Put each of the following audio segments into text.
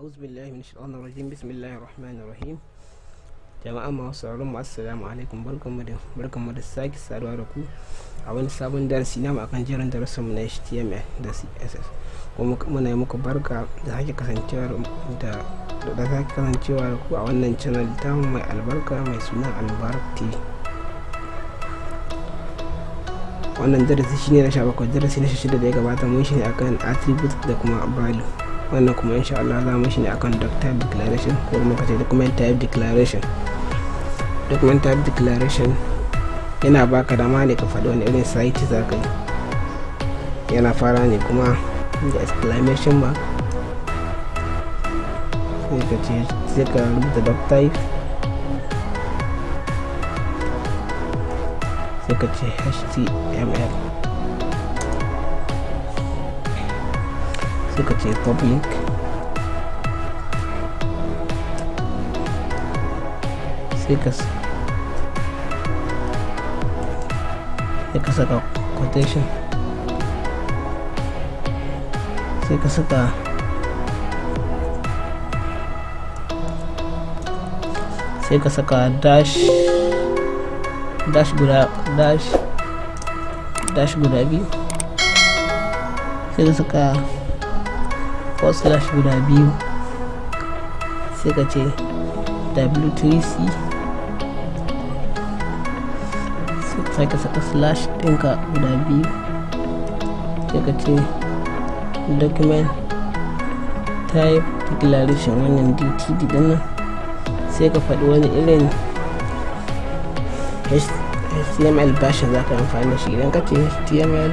أعوذ بالله من الشيطان الرجيم بسم الله الرحمن الرحيم masu alaikum da da sake saduwa da ku a wani sabon darasi na mu akan jerin darasin mu na HTML da CSS kuma muna yi muku barka da sake kasancewa da da sake kasancewa da ku a wannan channel ta mai albarka mai suna wannan darasi shine na 17 darasi na da ya gabata mun shi ne akan attribute da kuma value wannan kuma insha Allah za mu shi ne akan doctor declaration ko kuma kace document type declaration document type declaration yana baka dama ne ka faɗi wani irin site za ka yi yana fara ne kuma da exclamation mark sai ka ce sai ka rubuta doc type sai ka ce html Look at the public. Sai ka quotation sai ka saka sai ka saka dash dash guda dash dash guda biyu sai ka saka forward slash guda biyu sai ka ce w3c sai ka saka slash ɗinka guda biyu sai ka ce document type declaration wannan dtd dinnan sai ka faɗi wani irin html bash za ka amfani da shi idan ka ce html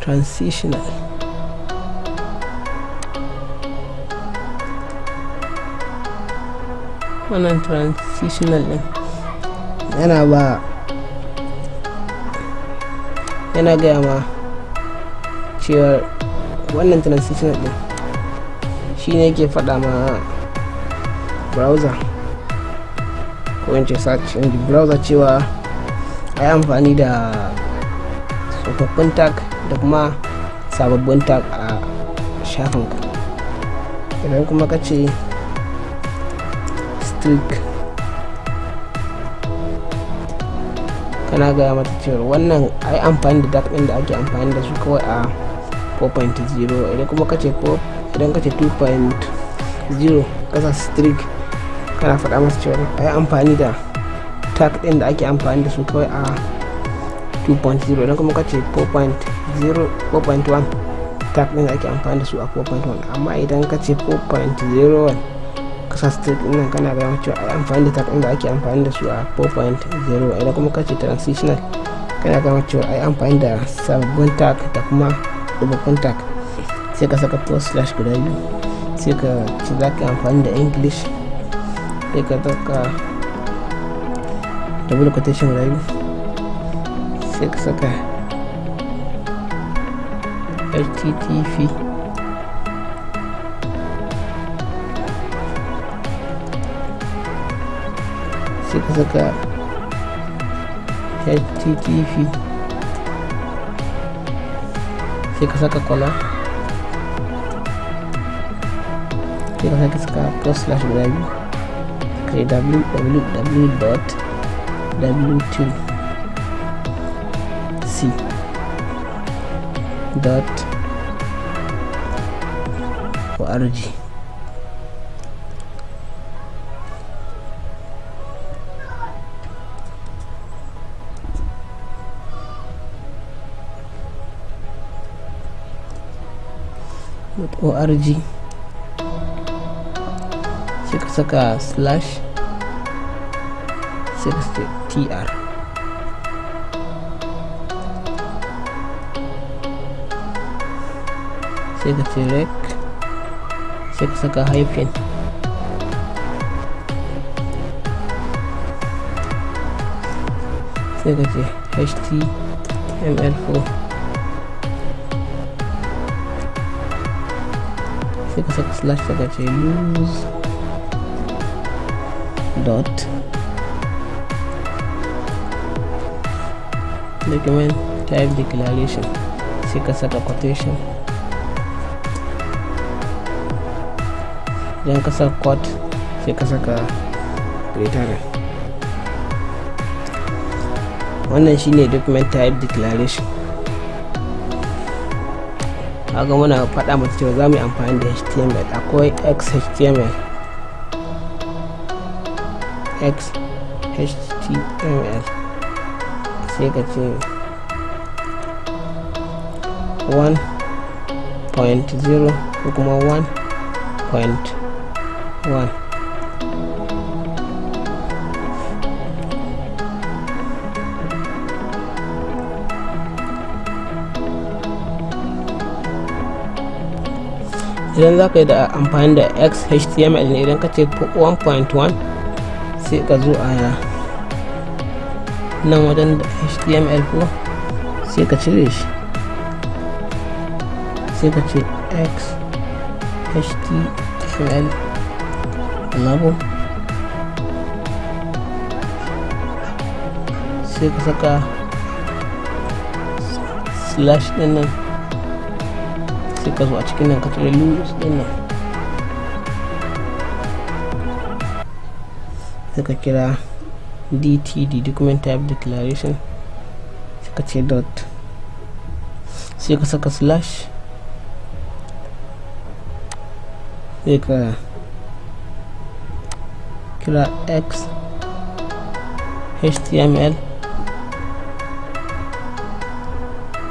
transitional wannan transitional din yana ba yana gaya ma cewa wannan transitional din shi ne ke faɗa ma browser ko in ce search engine browser cewa a yi amfani da tsofaffin tag da kuma sababbin tag a shafinka idan kuma ka ce streak kana gaya mata cewar wannan ai amfani da dark ɗin da ake amfani da su kawai a 4.0 idan kuma kace idan ce 2.0 kasa streak kana faɗa masa cewa ai amfani da tag ɗin da ake amfani da su kawai a 2.0 idan kuma ka ce 4.0 4.1 tag ɗin da ake amfani da su a 4.1 amma idan ka ce 4.01 kasa state nan kana ga cewa a amfani da tag ɗin da ake amfani da su a 4.0 idan kuma ka ce transitional kana ga cewa a amfani da sabon tag da kuma sababbin tag sai ka saka post slash guda biyu sai ka ce za ka amfani da english sai ka saka double quotation guda biyu saka http sai ka saka http sai ka saka kwana sai ka saka saka post slash guda biyu kai www dot wtube see dot org org saka slash sai tr Seksirek Seksaka hyphen Sekasi HTML4 Sekasak slash Sekachi use dot document type declaration Sekasaka quotation idan ka sa quad sai ka saka greater wannan shine document type declaration haka muna faɗa mata cewa za mu yi amfani da html akwai xhtml xhtml sai ka ce 1.0 ko kuma 1.0 idan za ka yi da amfani da xhtml ne idan ka ce 1.1 sai ka zo a nan wajen da html ko sai ka cire shi sai ka ce x html the level it's like saka slash din nan sai a cikin nan lose in there. din nan sai dtd document type declaration sai a dot sai saka slash sai ka kira x html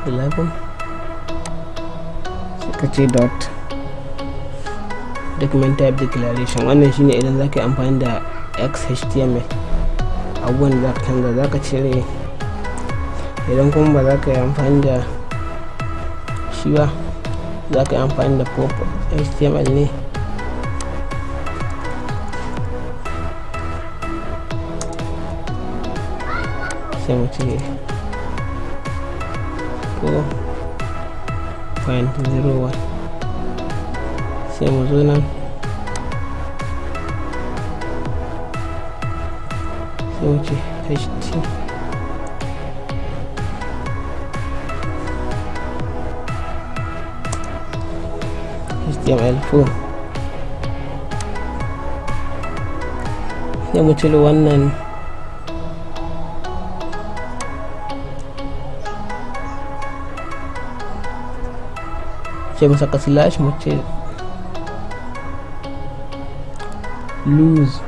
11 suka ce dot document type declaration wannan shine idan za ka yi amfani da html abubuwan da za ka canza za ka cire idan kuma ba za ka yi amfani da shi ba za ka yi amfani da pop html ne sai mu cire ko point zero one sai mu zo ce ht wannan saya bisa kasih slash muncul lose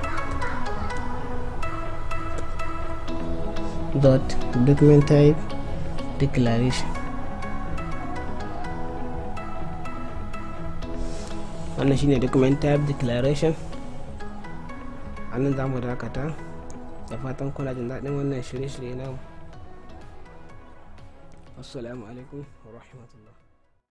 dot document type declaration wannan shine document type declaration anan za mu dakata da fatan kuna jin daɗin wannan shirye-shirye na assalamu alaikum wa